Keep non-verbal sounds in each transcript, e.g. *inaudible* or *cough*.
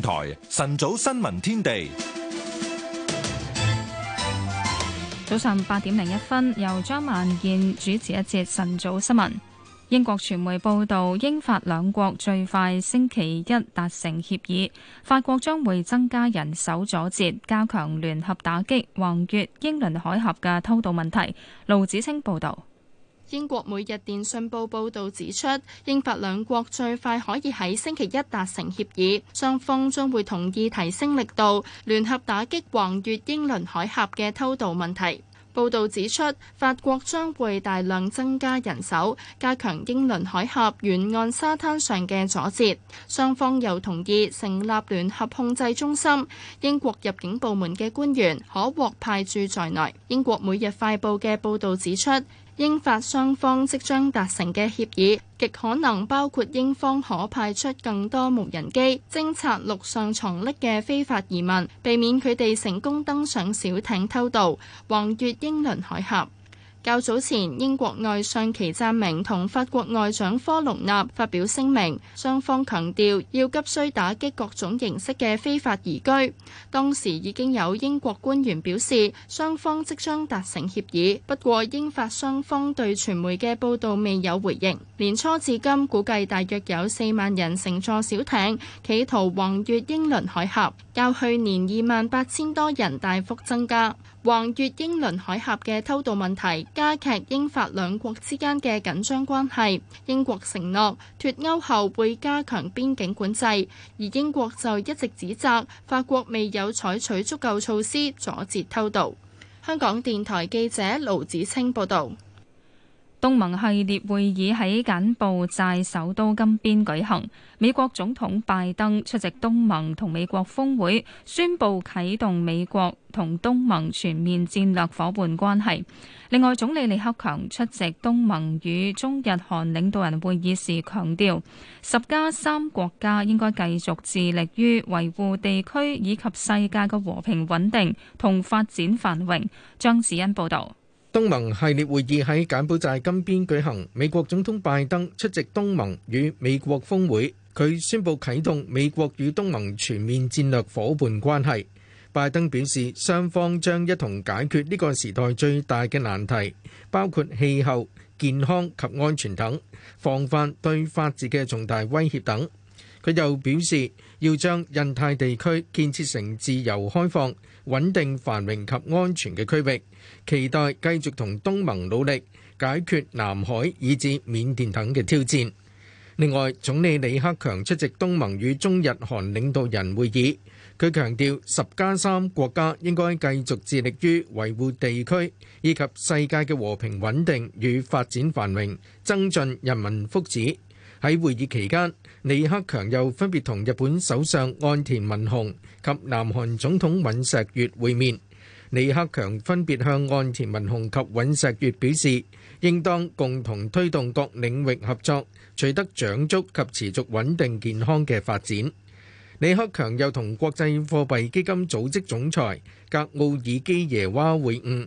台晨早新聞天地，早上八點零一分，由張萬健主持一節晨早新聞。英國傳媒報道，英法兩國最快星期一達成協議，法國將會增加人手阻截，加強聯合打擊橫越英倫海峽嘅偷渡問題。盧子清報道。英國每日電訊報報導指出，英法兩國最快可以喺星期一達成協議，雙方將會同意提升力度，聯合打擊橫越英倫海峽嘅偷渡問題。報導指出，法國將會大量增加人手，加強英倫海峽沿岸沙灘上嘅阻截。雙方又同意成立聯合控制中心，英國入境部門嘅官員可獲派駐在內。英國每日快報嘅報導指出。英法雙方即將達成嘅協議，極可能包括英方可派出更多無人機偵察陸上藏匿嘅非法移民，避免佢哋成功登上小艇偷渡，橫越英倫海峽。較早前，英國外相祁湛明同法國外長科隆納發表聲明，雙方強調要急需打擊各種形式嘅非法移居。當時已經有英國官員表示，雙方即將達成協議，不過英法雙方對傳媒嘅報道未有回應。年初至今，估計大約有四萬人乘坐小艇企圖橫越英倫海峽，較去年二萬八千多人大幅增加。橫越英倫海峽嘅偷渡問題加劇英法兩國之間嘅緊張關係。英國承諾脫歐後會加強邊境管制，而英國就一直指責法國未有採取足夠措施阻截偷渡。香港電台記者盧子清報導。東盟系列會議喺柬埔寨首都金邊舉行，美國總統拜登出席東盟同美國峰會，宣布啟動美國同東盟全面戰略夥伴關係。另外，總理李克強出席東盟與中日韓領導人會議時強調，十加三國家應該繼續致力於維護地區以及世界嘅和平穩定同發展繁榮。張子欣報道。東盟系列會議喺柬埔寨金邊舉行，美國總統拜登出席東盟與美國峰會，佢宣布啟動美國與東盟全面戰略伙伴關係。拜登表示，雙方將一同解決呢個時代最大嘅難題，包括氣候、健康及安全等，防範對法治嘅重大威脅等。佢又表示，要將印太地區建設成自由開放，穩定、繁榮及安全嘅區域，期待繼續同東盟努力解決南海以至緬甸等嘅挑戰。另外，總理李克強出席東盟與中日韓領導人會議，佢強調十加三國家應該繼續致力於維護地區以及世界嘅和平穩定與發展繁榮，增進人民福祉。喺會議期間，李克強又分別同日本首相岸田文雄及南韓總統尹錫悅會面。李克強分別向岸田文雄及尹錫悅表示，應當共同推動各領域合作，取得長足及持續穩定健康嘅發展。李克強又同國際貨幣基金組織總裁格奧爾基耶娃會晤。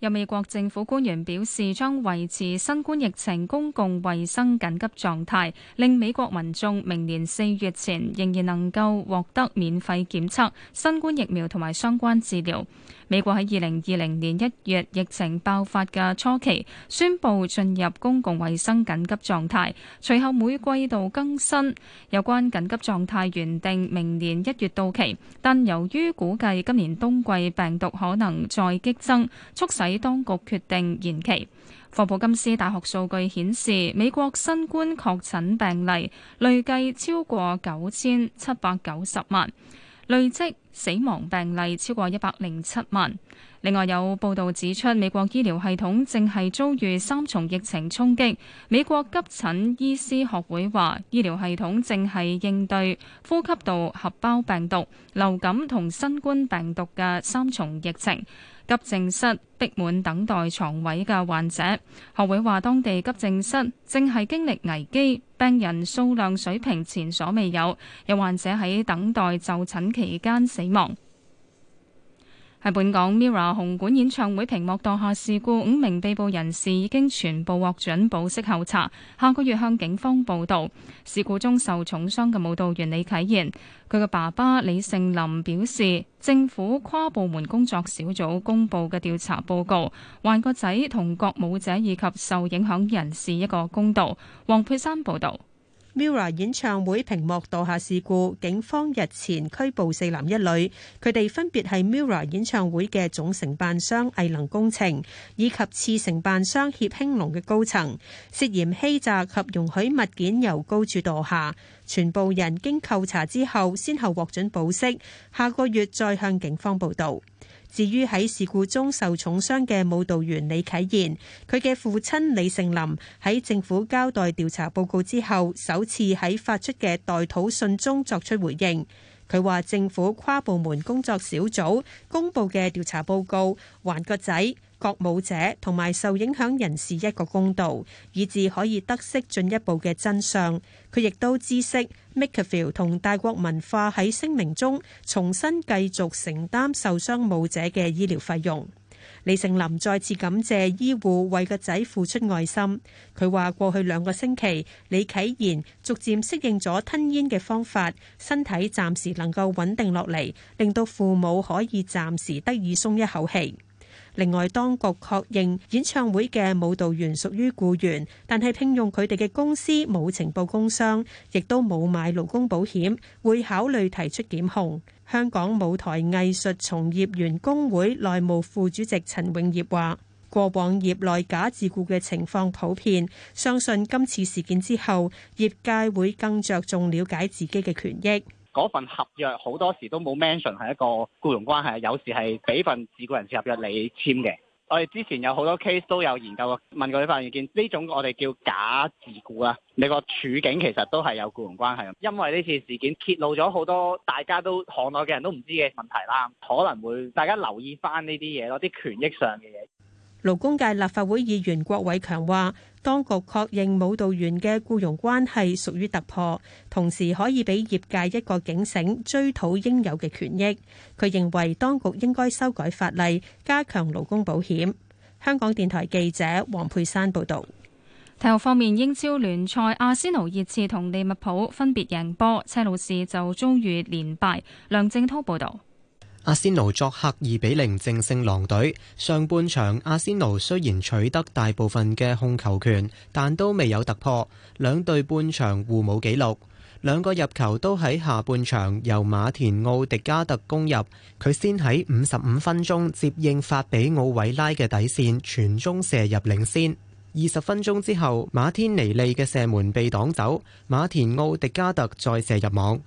有美國政府官員表示，將維持新冠疫情公共衛生緊急狀態，令美國民眾明年四月前仍然能夠獲得免費檢測、新冠疫苗同埋相關治療。美國喺2020年1月疫情爆發嘅初期宣布進入公共衛生緊急狀態，隨後每季度更新有關緊急狀態，原定明年1月到期，但由於估計今年冬季病毒可能再激增，促使當局決定延期。霍普金斯大學數據顯示，美國新冠確診病例累計超過9,790萬，累積。死亡病例超過一百零七萬。另外有報道指出，美國醫療系統正係遭遇三重疫情衝擊。美國急診醫師學會話，醫療系統正係應對呼吸道合胞病毒、流感同新冠病毒嘅三重疫情，急症室逼滿等待牀位嘅患者。學會話，當地急症室正係經歷危機，病人數量水平前所未有，有患者喺等待就診期間死。望喺本港 MIRROR 紅館演唱會屏幕墮下事故，五名被捕人士已經全部獲准保釋候查，下個月向警方報到。事故中受重傷嘅舞蹈員李啟賢，佢嘅爸爸李勝林表示，政府跨部門工作小組公布嘅調查報告，還個仔同各舞者以及受影響人士一個公道。黃佩珊報道。MIRROR 演唱會屏幕墮下事故，警方日前拘捕四男一女，佢哋分別係 MIRROR 演唱會嘅總承辦商藝能工程以及次承辦商協興隆嘅高層，涉嫌欺詐及容許物件由高處墮下。全部人經扣查之後，先後獲准保釋，下個月再向警方報到。至於喺事故中受重傷嘅舞蹈員李啟言，佢嘅父親李盛林喺政府交代調查報告之後，首次喺發出嘅代禱信中作出回應。佢話政府跨部門工作小組公布嘅調查報告還個仔割舞者同埋受影響人士一個公道，以致可以得悉進一步嘅真相。佢亦都知悉 MakerVille 同大國文化喺聲明中重新繼續承擔受傷舞者嘅醫療費用。李成林再次感謝醫護為個仔付出愛心。佢話：過去兩個星期，李啟賢逐漸適應咗吞煙嘅方法，身體暫時能夠穩定落嚟，令到父母可以暫時得以鬆一口氣。另外，當局確認演唱會嘅舞蹈員屬於僱員，但係聘用佢哋嘅公司冇呈報工傷，亦都冇買勞工保險，會考慮提出檢控。香港舞台藝術從業員工會內務副主席陳永業話，過往業內假自僱嘅情況普遍，相信今次事件之後，業界會更着重了解自己嘅權益。嗰份合約好多時都冇 mention 係一個僱傭關係，有時係俾份自僱人士合約你簽嘅。我哋之前有好多 case 都有研究過，問過啲法律意見，呢種我哋叫假自僱啊，你個處境其實都係有僱傭關係。因為呢次事件揭露咗好多大家都行內嘅人都唔知嘅問題啦，可能會大家留意翻呢啲嘢咯，啲權益上嘅嘢。勞工界立法會議員郭偉強話，當局確認舞蹈員嘅僱傭關係屬於突破，同時可以俾業界一個警醒，追討應有嘅權益。佢認為當局應該修改法例，加強勞工保險。香港電台記者黃佩珊報導。體育方面，英超聯賽阿仙奴熱刺同利物浦分別贏波，車路士就遭遇連敗。梁正滔報導。阿仙奴作客二比零正勝狼隊，上半場阿仙奴雖然取得大部分嘅控球權，但都未有突破，兩隊半場互冇紀錄。兩個入球都喺下半場由馬田奧迪加特攻入，佢先喺五十五分鐘接應法比奧維拉嘅底線傳中射入領先，二十分鐘之後馬天尼利嘅射門被擋走，馬田奧迪加特再射入網。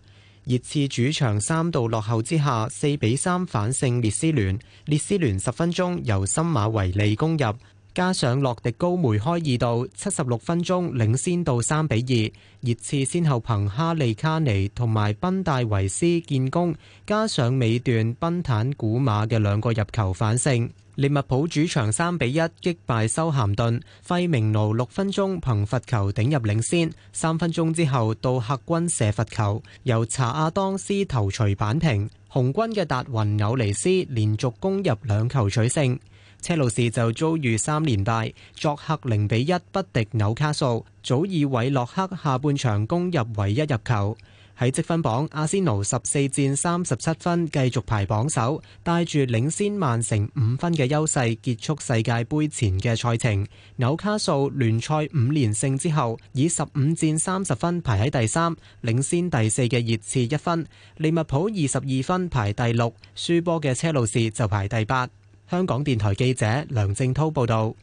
熱刺主場三度落後之下，四比三反勝列斯聯。列斯聯十分鐘由森馬維利攻入，加上洛迪高梅開二度，七十六分鐘領先到三比二。熱刺先後憑哈利卡尼同埋賓戴維斯建功，加上尾段賓坦古馬嘅兩個入球反勝。利物浦主場三比一擊敗修咸頓，費明奴六分鐘憑罰球頂入領先，三分鐘之後到客軍射罰球，由查亞當斯頭錘扳平。紅軍嘅達雲紐尼斯連續攻入兩球取勝。車路士就遭遇三連敗，作客零比一不敵紐卡素，祖爾韋洛克下半場攻入唯一入球。喺積分榜，阿仙奴十四戰三十七分，繼續排榜首，帶住領先曼城五分嘅優勢結束世界杯前嘅賽程。紐卡素聯賽五連勝之後，以十五戰三十分排喺第三，領先第四嘅熱刺一分。利物浦二十二分排第六，輸波嘅車路士就排第八。香港電台記者梁正濤報道。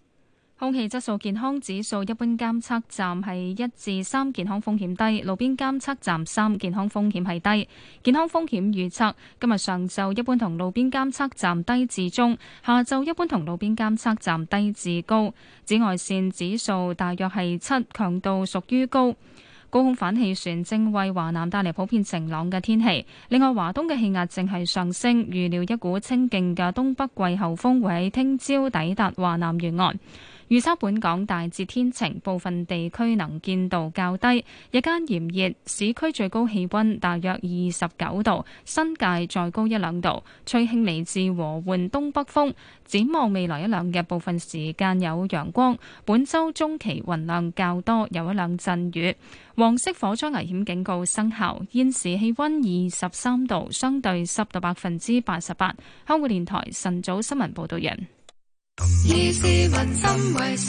空氣質素健康指數，一般監測站係一至三，健康風險低；路邊監測站三，健康風險係低。健康風險預測，今日上晝一般同路邊監測站低至中，下晝一般同路邊監測站低至高。紫外線指數大約係七，強度屬於高。高空反氣旋正為華南帶嚟普遍晴朗嘅天氣。另外，華東嘅氣壓正係上升，預料一股清勁嘅東北季候風會喺聽朝抵達華南沿岸。預測本港大致天晴，部分地區能見度較低。日間炎熱，市區最高氣溫大約二十九度，新界再高一兩度。吹輕微至和緩東北風。展望未來一兩日，部分時間有陽光。本週中期雲量較多，有一兩陣雨。黃色火災危險警告生效。現時氣溫二十三度，相對濕度百分之八十八。香港電台晨早新聞報道人。以市民心為心，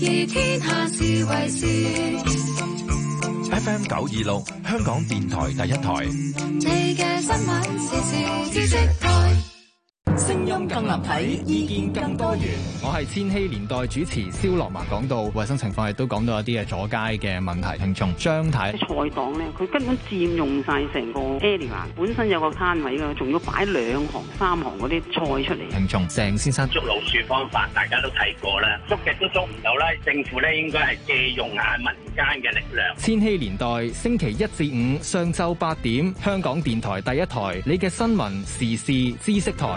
以天下事為事。FM 九二六，香港電台第一台。你聲音更立體，意見更多元。我係千禧年代主持蕭樂文，講到衛生情況，亦都講到一啲嘅阻街嘅問題。聽眾張太，菜檔咧，佢根本佔用晒成個 area，本身有個攤位噶，仲要擺兩行、三行嗰啲菜出嚟。聽眾鄭先生捉老鼠方法，大家都睇過啦，捉極都捉唔到啦。政府咧應該係借用下民間嘅力量。千禧年代星期一至五上晝八點，香港電台第一台，你嘅新聞時事知識台。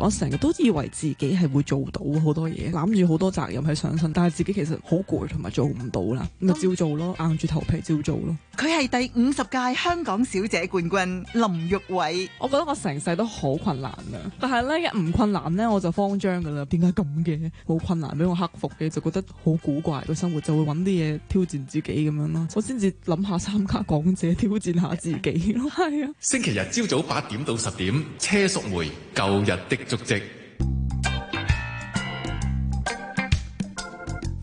我成日都以為自己係會做到好多嘢，攬住好多責任去上身，但係自己其實好攰同埋做唔到啦，咪照做咯，硬住頭皮照做咯。佢係第五十屆香港小姐冠軍林玉偉，我覺得我成世都好困難啊！但係呢一唔困難咧，我就慌張㗎啦。點解咁嘅？冇困難俾我克服嘅，就覺得好古怪個生活，就會揾啲嘢挑戰自己咁樣咯。我先至諗下參加港姐挑戰下自己咯。係 *laughs* 啊，星期日朝早八點到十點，車淑梅，舊日的足跡。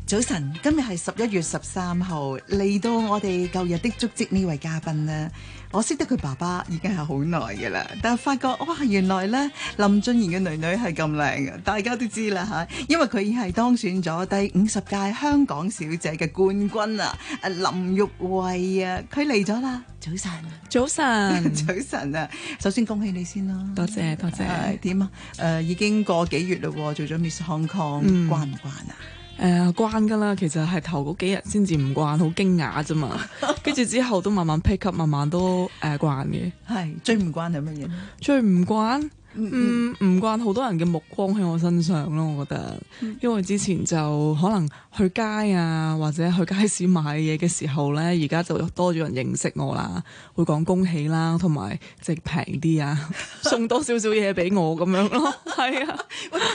早晨，今日係十一月十三號，嚟到我哋舊日的足跡，呢位嘉賓咧，我識得佢爸爸已經係好耐噶啦，但係發覺哇，原來咧，林俊賢嘅女女係咁靚嘅，大家都知啦吓，因為佢已係當選咗第五十屆香港小姐嘅冠軍啊！阿林玉慧啊，佢嚟咗啦！早晨，早晨，早晨啊！首先恭喜你先咯，多謝，多謝。點啊？誒，已經過幾月嘞？做咗 Miss Hong Kong，慣唔慣啊？誒，慣噶啦，其實係頭嗰幾日先至唔慣，好驚訝啫嘛。跟住 *laughs* 之後都慢慢 pick up，慢慢都誒慣嘅。係，最唔慣係乜嘢？最唔慣。唔唔慣好多人嘅目光喺我身上咯，我覺得我，因為之前就可能去街啊，或者去街市買嘢嘅時候咧，而家就多咗人認識我啦，會講恭喜啦，同埋即係平啲啊，送多少少嘢俾我咁樣咯。係啊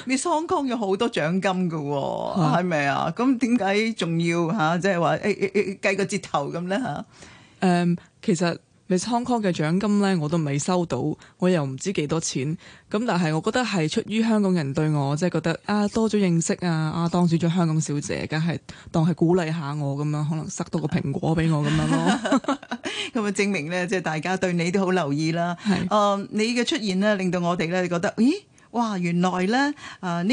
，Miss 香港有好多獎金嘅喎，係咪啊？咁點解仲要嚇，即係話計個折頭咁咧嚇？誒，其實。你倉康嘅獎金咧，我都未收到，我又唔知幾多錢。咁但係我覺得係出於香港人對我即係、就是、覺得啊多咗認識啊，啊當選咗香港小姐，梗係當係鼓勵下我咁樣，可能塞多個蘋果俾我咁樣咯。咁啊證明咧，即係大家對你都好留意啦。誒是，uh, 你嘅出現呢，令到我哋咧覺得，咦，哇，原來咧誒。Uh,